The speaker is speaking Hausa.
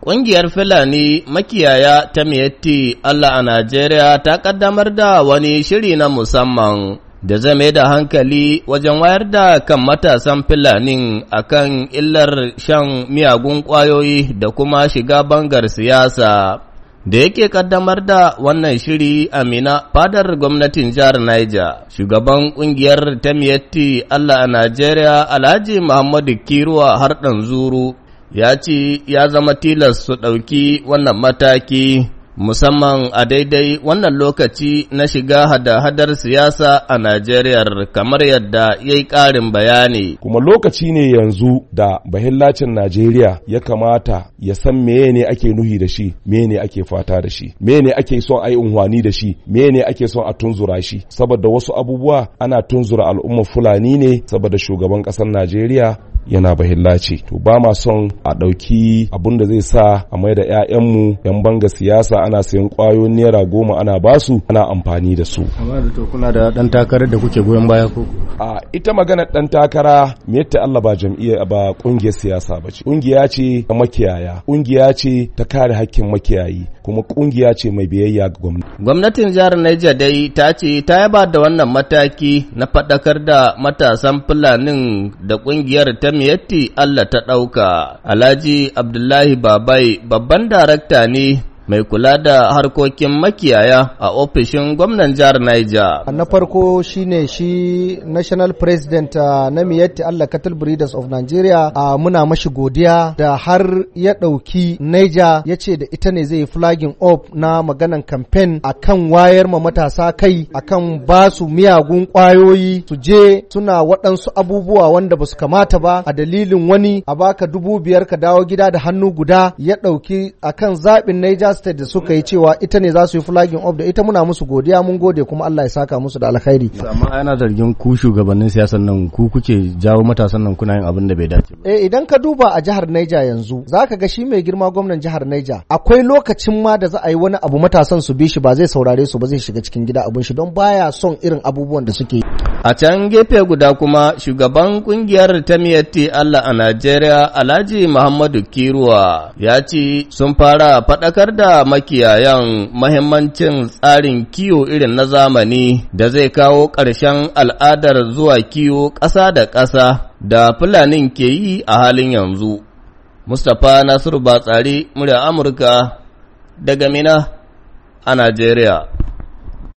Ƙungiyar Fulani makiyaya ta Miyatti Allah a Najeriya ta ƙaddamar da wani shiri na musamman da zai mai da hankali wajen wayar da kan matasan Fulanin kan illar shan miyagun ƙwayoyi da kuma shiga bangar siyasa. da yake ƙaddamar da wannan shiri Amina fadar gwamnatin jihar Niger, shugaban kungiyar Tamiyatti Allah a Najeriya Alhaji Muhammadu Kiruwa har ɗan zuru ya ce ya zama tilas su ɗauki wannan mataki musamman a daidai wannan lokaci na shiga hada-hadar siyasa a Najeriya kamar yadda ya yi ƙarin bayani. Kuma lokaci ne yanzu da bahillacin Najeriya ya kamata ya san meye ne ake nuhi da shi, meye ne ake fata da shi, meye ne ake son a yi unhwani da shi, meye ne ake son a tunzura shi. Saboda wasu abubuwa ana tunzura al'ummar Fulani ne saboda shugaban ƙasar Najeriya yana bahillaci to ba ma son a ɗauki abun da zai sa a mai da 'ya'yanmu 'yan banga siyasa ana sayan ƙwayoyin naira goma ana basu ana amfani da su amma da to kuna da ɗan takarar da kuke goyon baya ko a ita magana ɗan takara me yadda Allah ba jam'iyya ba ƙungiyar siyasa ba ce ƙungiya ce ta makiyaya ƙungiya ce ta kare hakkin makiyayi kuma ƙungiya ce mai biyayya ga gwamnati gwamnatin jihar Niger dai ta ce ta yaba da wannan mataki na faɗakar da matasan Fulanin da ƙungiyar ta Jam'iyyati Allah ta ɗauka, Alhaji Abdullahi Babai babban darakta ne mai kula da harkokin makiyaya a ofishin gwamnan jihar Niger. Na farko shi ne shi National President uh, na Miyetti Allah Cattle Breeders of Nigeria a uh, muna mashi godiya da har ya ɗauki Niger ya ce da ita ne zai flagging up na maganan kamfen. a kan wayar ma matasa kai a kan ba su miyagun kwayoyi su je suna waɗansu abubuwa wanda ba su kamata ba a dalilin wani a baka dubu biyar ka dawo gida da hannu guda ya ɗauki a kan zaɓin Niger state da suka yi cewa ita ne za su yi flagging off da ita muna musu godiya mun gode kuma Allah ya saka musu da alkhairi amma ana zargin ku shugabannin siyasan nan ku kuke jawo matasan nan kuna yin abin da bai dace ba eh idan ka duba a jihar Niger yanzu zaka ga shi mai girma gwamnan jihar Niger akwai lokacin ma da za a yi wani abu matasan su bi shi ba zai saurare su ba zai shiga cikin gida abun shi don baya son irin abubuwan da suke A can gefe guda kuma shugaban kungiyar Tamiyatti Allah a Najeriya Alhaji Muhammadu Kiruwa ya ce sun fara faɗakar da makiyayan mahimmancin tsarin kiwo irin na zamani da zai kawo ƙarshen al'adar zuwa kiwo ƙasa da ƙasa da Fulanin ke yi a halin yanzu. Mustapha Nasiru Batsari, murya Amurka, daga Mina a Najeriya.